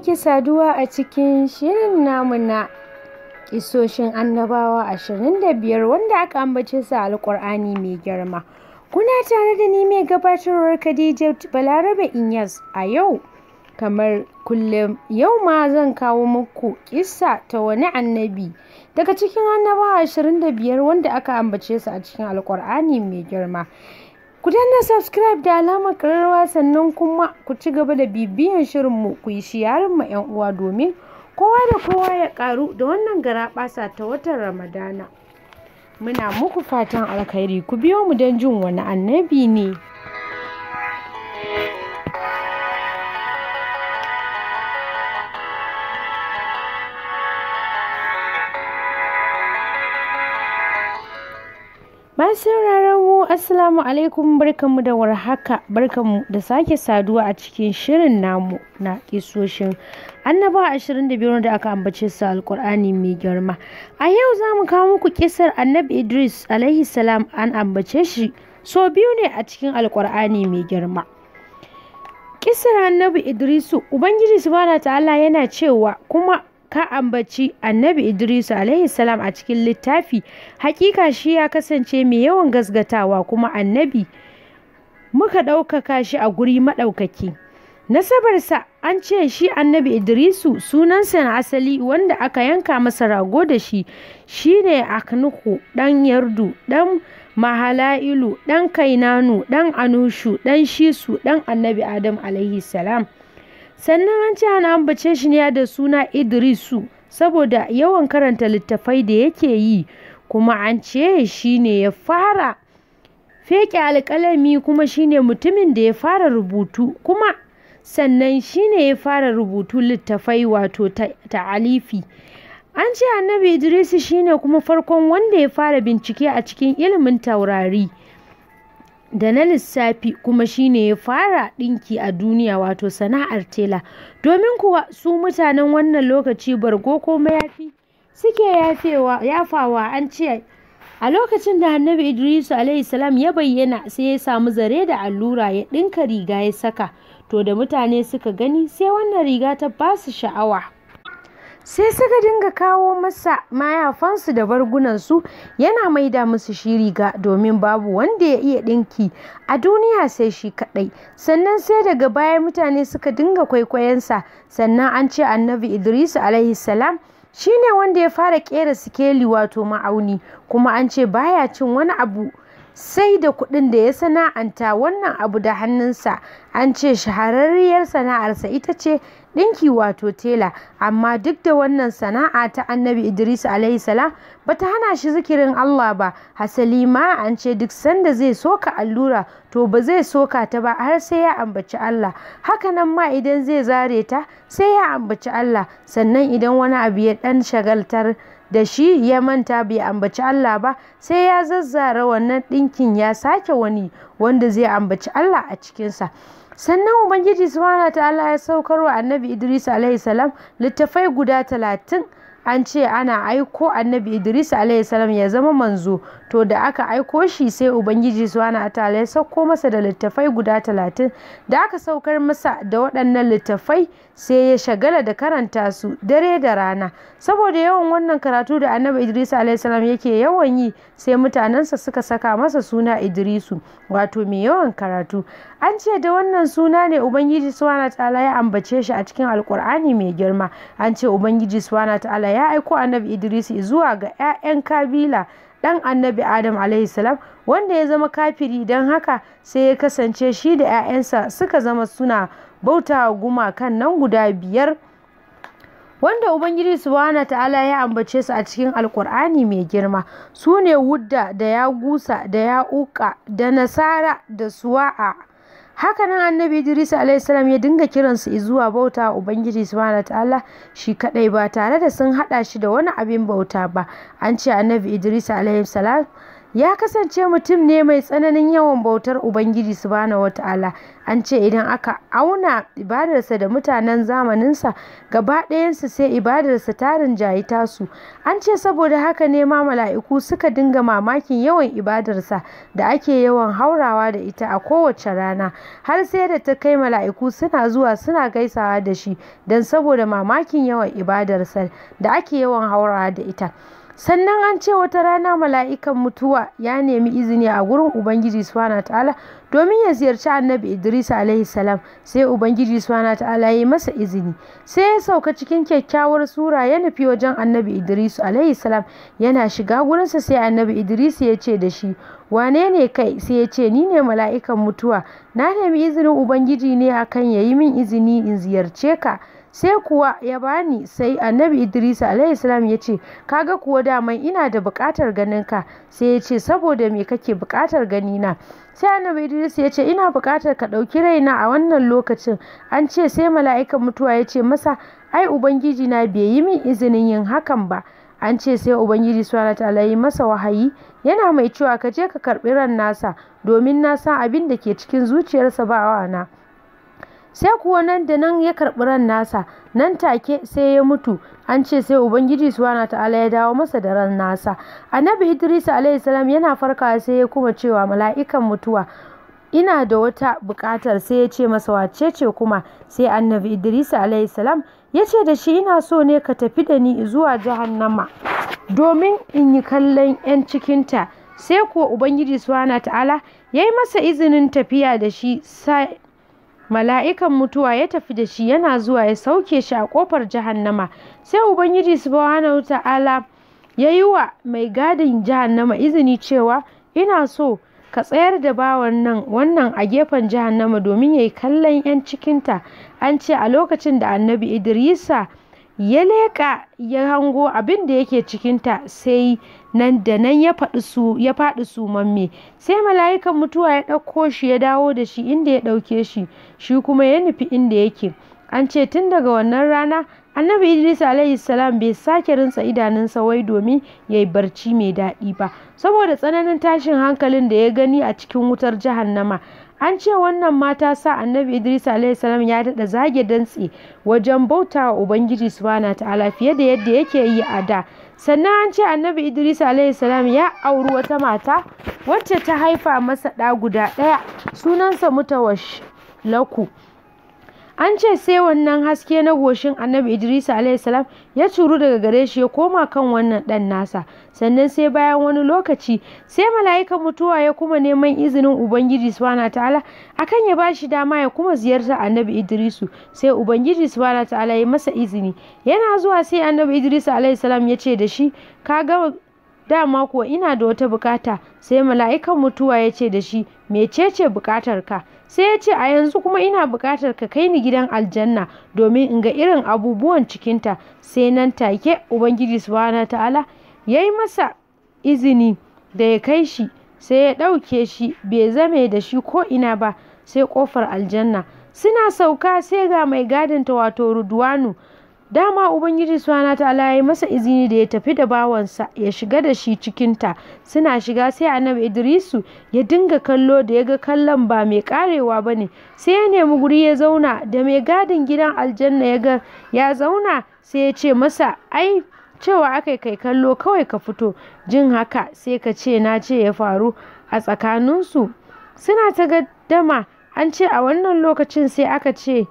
sake saduwa a cikin shirin namu na isoshin annabawa 25 wanda aka ambace su a alkur'ani mai girma. Kuna tare da ni mai gabatarwar Khadija Balarabe Inyas a yau kamar kullum yau ma zan kawo muku kissa ta wani annabi daga cikin annabawa 25 wanda aka ambace su a cikin alkur'ani mai girma. Ku danna subscribe da alamar ƙararrawa sannan kuma ku ci gaba da bibiyan shirinmu ku yi shiyarin mu 'yan uwa domin kowa da kowa ya ƙaru da wannan garaɓasa ta watan Ramadana. Muna muku fatan alkhairi ku biyo mu don jin wani annabi ne. Masu mu asalamu alaikum barkanmu da warhaka barkanmu da sake saduwa a cikin shirin namu na kisoshin annaba 25 da aka ambace su alkur'ani mai girma. A yau za mu kawo muku kisar annabi Idris alaihi salam an ambace shi so biyu ne a cikin alkur'ani mai girma. Kisar annabi Idrisu Ubangiji subhanahu ta'ala yana cewa kuma ka ambaci annabi idrisu alaihi salam a cikin littafi hakika shi ya kasance mai yawan gasgatawa kuma annabi muka ɗaukaka shi a guri maɗaukaki nasabarsa an ce shi annabi idrisu sunansa na asali wanda aka yanka masa rago da shi shine aknuku ɗan yardu ɗan mahala'ilu ɗan kainanu ɗan anushu ɗan shisu ɗan annabi adam alaihi salam sannan an ce an ambace shi ne da suna idrisu saboda yawan karanta littafai da yake yi kuma an ce shi ne ya fara feke alƙalami kuma shi ne mutumin da ya fara rubutu kuma sannan shi ne ya fara rubutu littafai wato ta'alifi an ce annabi idrisu shi ne kuma farkon wanda ya fara bincike a cikin ilimin taurari da na lissafi kuma shine ya fara ɗinki a duniya wato sana'ar tela domin kuwa su mutanen wannan lokaci bargo ko mayafi suke yafawa an ce a lokacin da annabi idrisu alaihi ya bayyana sai ya samu zare da allura ya ɗinka riga ya saka to da mutane suka gani sai wannan riga ta basu sha'awa sai suka dinga kawo masa mayafansu da bargunansu yana maida musu shi riga domin babu wanda ya iya ɗinki a duniya sai shi kaɗai sannan sai daga baya mutane suka dinga kwaikwayonsa sannan an ce annabi idris alaihi salam shi ne wanda ya fara ƙera sikeli wato ma'auni kuma an ce baya cin wani abu sai da kuɗin da ya sana'anta wannan abu da hannunsa an ce shahararriyar sana'arsa ita ce ɗinki wato tela amma duk da wannan sana'a ta annabi idris alaihi salam bata hana shi zikirin allah ba hasali ma an ce duk sanda zai soka allura to ba zai soka ta ba har sai ya ambaci allah hakanan ma idan zai zare ta sai ya ambaci allah sannan idan wani abu ya ɗan shagaltar da shi ya manta bai ambaci Allah ba sai ya zazzara wannan ɗinkin ya sake wani wanda zai ambaci Allah a cikinsa sannan ubangiji subhanahu ta'ala ya saukar wa annabi idris alaihi salam littafai guda talatin an ce ana aiko annabi idris alaihissalam ya zama manzo to da aka aiko shi sai ubangiji subhanahu ta'ala ya sauko masa da littafai guda talatin da aka saukar masa da waɗannan littafai sai ya shagala da karanta su dare da rana saboda yawan wannan karatu da annabi idris alaihissalam yake yawan yi sai mutanensa suka saka masa suna idrisu wato mai yawan karatu an ce da wannan suna ne ubangiji subhanahu ta'ala ya ambace shi a cikin alkur'ani mai girma an ce ubangiji subhanahu ta'ala ya aiko annabi idris zuwa ga 'ya'yan kabila dan annabi adam alaihi salam wanda ya zama kafiri don haka sai ya kasance shi da 'ya'yansa suka zama suna bautawa gumakan nan guda biyar wanda ubangiji subhanahu ta'ala ya ambace su a cikin alkur'ani mai girma su ne wudda da ya gusa da ya uka da nasara da suwa'a hakanan annabi idris a.s. ya dinga kiransu zuwa bauta a ubangiji subhanahu ta'ala shi kadai ba tare da sun hada shi da wani abin bauta ba an ce annabi idris a.s. ya kasance mutum ne mai tsananin yawan bautar ubangiji subhanahu wata'ala an ce idan aka auna ibadarsa da mutanen zamaninsa gaba ɗayansu sai ibadarsa tarin jayi tasu an ce saboda haka ne ma mala'iku suka dinga mamakin yawan ibadarsa da ake yawan haurawa da ita a kowace rana har sai da ta kai mala'iku suna zuwa suna gaisawa da shi don saboda mamakin yawan ibadarsa da ake yawan haurawa da ita sannan an ce wata rana mala'ikan mutuwa ya nemi izini a gurin ubangiji subhanahu ta'ala domin ya ziyarci annabi idris alaihi salam sai ubangiji subhanahu ta'ala ya yi masa izini sai ya sauka cikin kyakkyawar sura ya nufi wajen annabi idris alaihi salam yana shiga gurinsa sai annabi idris ya ce da shi wane ne kai sai ya ce ni ne mala'ikan mutuwa na nemi izinin ubangiji ne akan ya yi min izini in ziyarce ka sai kuwa ya bani sai annabi idrisa alaihi ya ce kaga kuwa daman ina da bukatar ganin ka sai ya ce saboda me kake bukatar gani na sai annabi idris ya ce ina bukatar ka ɗauki raina a wannan lokacin an ce sai mala'ikan mutuwa ya ce masa ai ubangiji na bai yi min izinin yin hakan ba an ce sai ubangiji subhanahu ta'ala yi masa wahayi yana mai cewa ka je ka karbi ran nasa domin na san abin da ke cikin zuciyarsa ba na. sai kuwa nan da nan ya karɓi ran nasa nan take sai ya mutu an ce sai ubangiji subhanahu ta'ala ya dawo masa da ran nasa annabi idris alaihi yana farkawa sai ya kuma cewa mala'ikan mutuwa ina da wata bukatar sai ya ce masa wace ce kuma sai annabi idris alaihi salam ya ce da shi ina so ne ka tafi da ni zuwa jahannama domin in yi kallon 'yan cikinta sai kuwa ubangiji subhanahu ta'ala ya yi masa izinin tafiya da shi mala'ikan mutuwa ya tafi da shi yana zuwa ya sauke shi a kofar jahannama sai ubangiji subhanahu ta'ala ya yi wa mai gadin jahannama izini cewa ina so ka tsayar da bawan nan wannan a gefen jahannama domin ya yi kallon 'yan cikinta an ce a lokacin da annabi idrisa ya leƙa ya hango abin da yake cikinta sai nan da nan ya faɗi su ya sumamme sai mala'ikan mutuwa ya ɗauko shi ya dawo da shi inda ya ɗauke shi shi kuma ya nufi inda yake an ce tun daga wannan rana annabi idris alaihi salam bai sake rinsa idanunsa wai domin ya yi barci mai daɗi ba saboda tsananin tashin hankalin da ya gani a cikin wutar jahannama an ce wannan mata sa annabi idris a.s. ya daɗa zage dantse wajen bauta wa ubangiji subhanahu ta'ala fiye da yadda yake yi a da sannan an ce annabi idris a.s. ya auri wata mata wacce ta haifa masa ɗa guda ɗaya sunansa mutawash laku an ce sai wannan haske na goshin annabi idris alaihissalam ya curu daga gare shi ya koma kan wannan ɗan nasa sannan sai bayan wani lokaci sai mala'ikan mutuwa ya kuma neman izinin ubangiji subhanahu ta'ala akan ya ba shi dama ya kuma ziyarta annabi idrisu sai ubangiji subhanahu ta'ala ya masa izini yana zuwa sai annabi idris alaihissalam ya ce da shi ka gama dama kuwa ina da wata bukata sai mala'ikan mutuwa ya ce da shi mecece bukatarka sai ya ce a yanzu kuma ina bukatar ka kai ni gidan aljanna domin in ga irin abubuwan cikinta sai nan take ubangiji subhanahu ta'ala ya yi masa izini da ya kai shi sai ya ɗauke shi bai zame da shi ko ina ba sai ƙofar aljanna suna sauka sai ga mai gadinta wato ruduwanu dama ubangiji subhanahu ta'ala ya masa izini da ya tafi da bawansa ya shiga da shi cikinta suna shiga sai annabi idrisu ya dinga kallo da ya ga kallon ba mai karewa ba ne sai ya nemi guri ya zauna da mai gadin gidan aljanna ya ga ya zauna sai ya ce masa ai cewa aka kai kallo kawai ka fito jin haka sai ka ce na ce ya faru a tsakaninsu suna ta gaddama an ce a wannan lokacin sai aka ce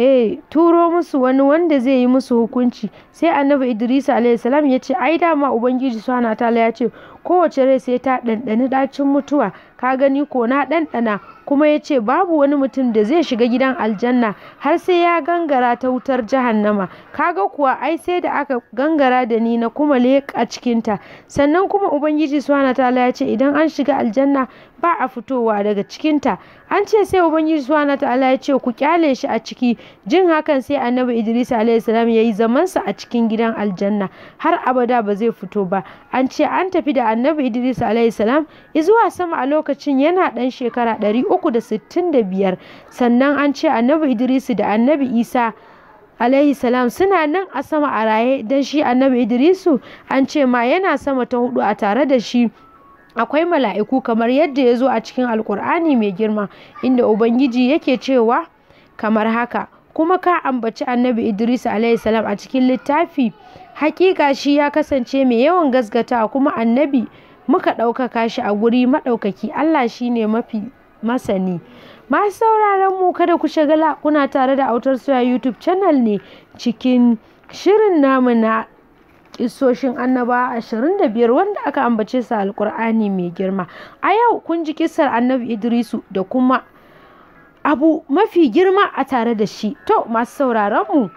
Eh, turo musu wani wanda zai yi musu hukunci sai annabi idrisa alaihissalam ya ce ai dama ubangiji subhanahu ta ya ce kowace rai sai ta ɗanɗani ɗacin mutuwa ka gani ko na ɗanɗana kuma ya ce babu wani mutum da zai shiga gidan aljanna har sai ya gangara ta wutar jahannama kaga kuwa ai sai da aka gangara da ni na kuma leƙa cikinta sannan kuma ubangiji subhanahu ta'ala ya ce idan an shiga aljanna ba a fitowa daga cikinta an ce sai ubangiji subhanahu ta'ala ya ce ku kyale shi a ciki jin hakan sai annabi idris alaihi ya yi zamansa a cikin gidan aljanna har abada ba zai fito ba an ce an tafi da annabi idris alaihi salam zuwa sama a lokacin yana dan shekara ɗari uku 365 sannan an ce annabi idrisu da annabi isa alaihi salam suna nan a sama a raye don shi annabi idrisu an ce ma yana sama ta hudu a tare da shi akwai mala'iku kamar yadda ya zo a cikin alkur'ani mai girma inda ubangiji yake cewa kamar haka kuma ka ambaci annabi idris salam a cikin littafi hakika shi ya kasance mai yawan gasgata kuma annabi muka ɗaukaka shi a guri maɗaukaki allah shi ne mafi masani. Masu sauraron mu kada ku shagala kuna tare da autar soya YouTube channel ne cikin shirin namu na kisoshin annaba 25 wanda aka ambace su alkur'ani mai girma. A yau kun ji kisar annabi Idrisu da kuma abu mafi girma a tare da shi. To masu sauraron mu.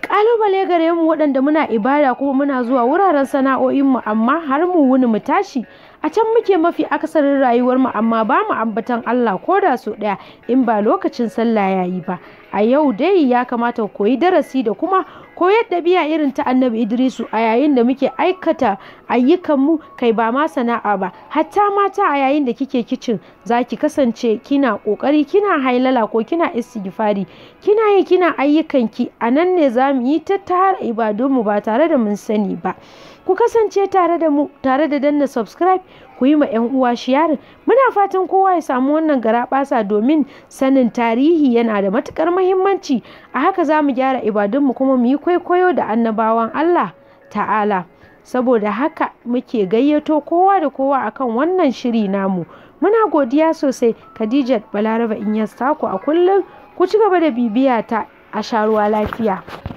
kalubale gare mu waɗanda muna ibada kuma muna zuwa wuraren sana'o'inmu amma har mu wuni mu tashi a can muke mafi akasarin rayuwar mu amma ba mu ambatan Allah ko da su ɗaya in ba lokacin sallah yayi ba a yau dai ya kamata ku koyi darasi da kuma koyar ɗabi'a irin ta annabi idrisu a yayin da muke aikata ayyukanmu kai ba ma sana'a ba hatta mata a yayin da kike kicin za ki kasance kina ƙoƙari kina hailala ko kina istighfari kina yi kina ayyukanki a nan ne za mu yi tattara ibadunmu ba tare da mun sani ba ku kasance tare da mu tare da danna subscribe ku yi ma 'yan uwa shiyarin muna fatan kowa ya samu wannan garaɓasa domin sanin tarihi yana da matukar muhimmanci a haka za mu gyara ibadunmu kuma mu yi kwaikwayo da annabawan Allah ta'ala saboda haka muke gayyato kowa da kowa akan wannan shiri namu muna godiya sosai khadijat balaraba in ku a kullum ku ci gaba da bibiya ta a sharuwa lafiya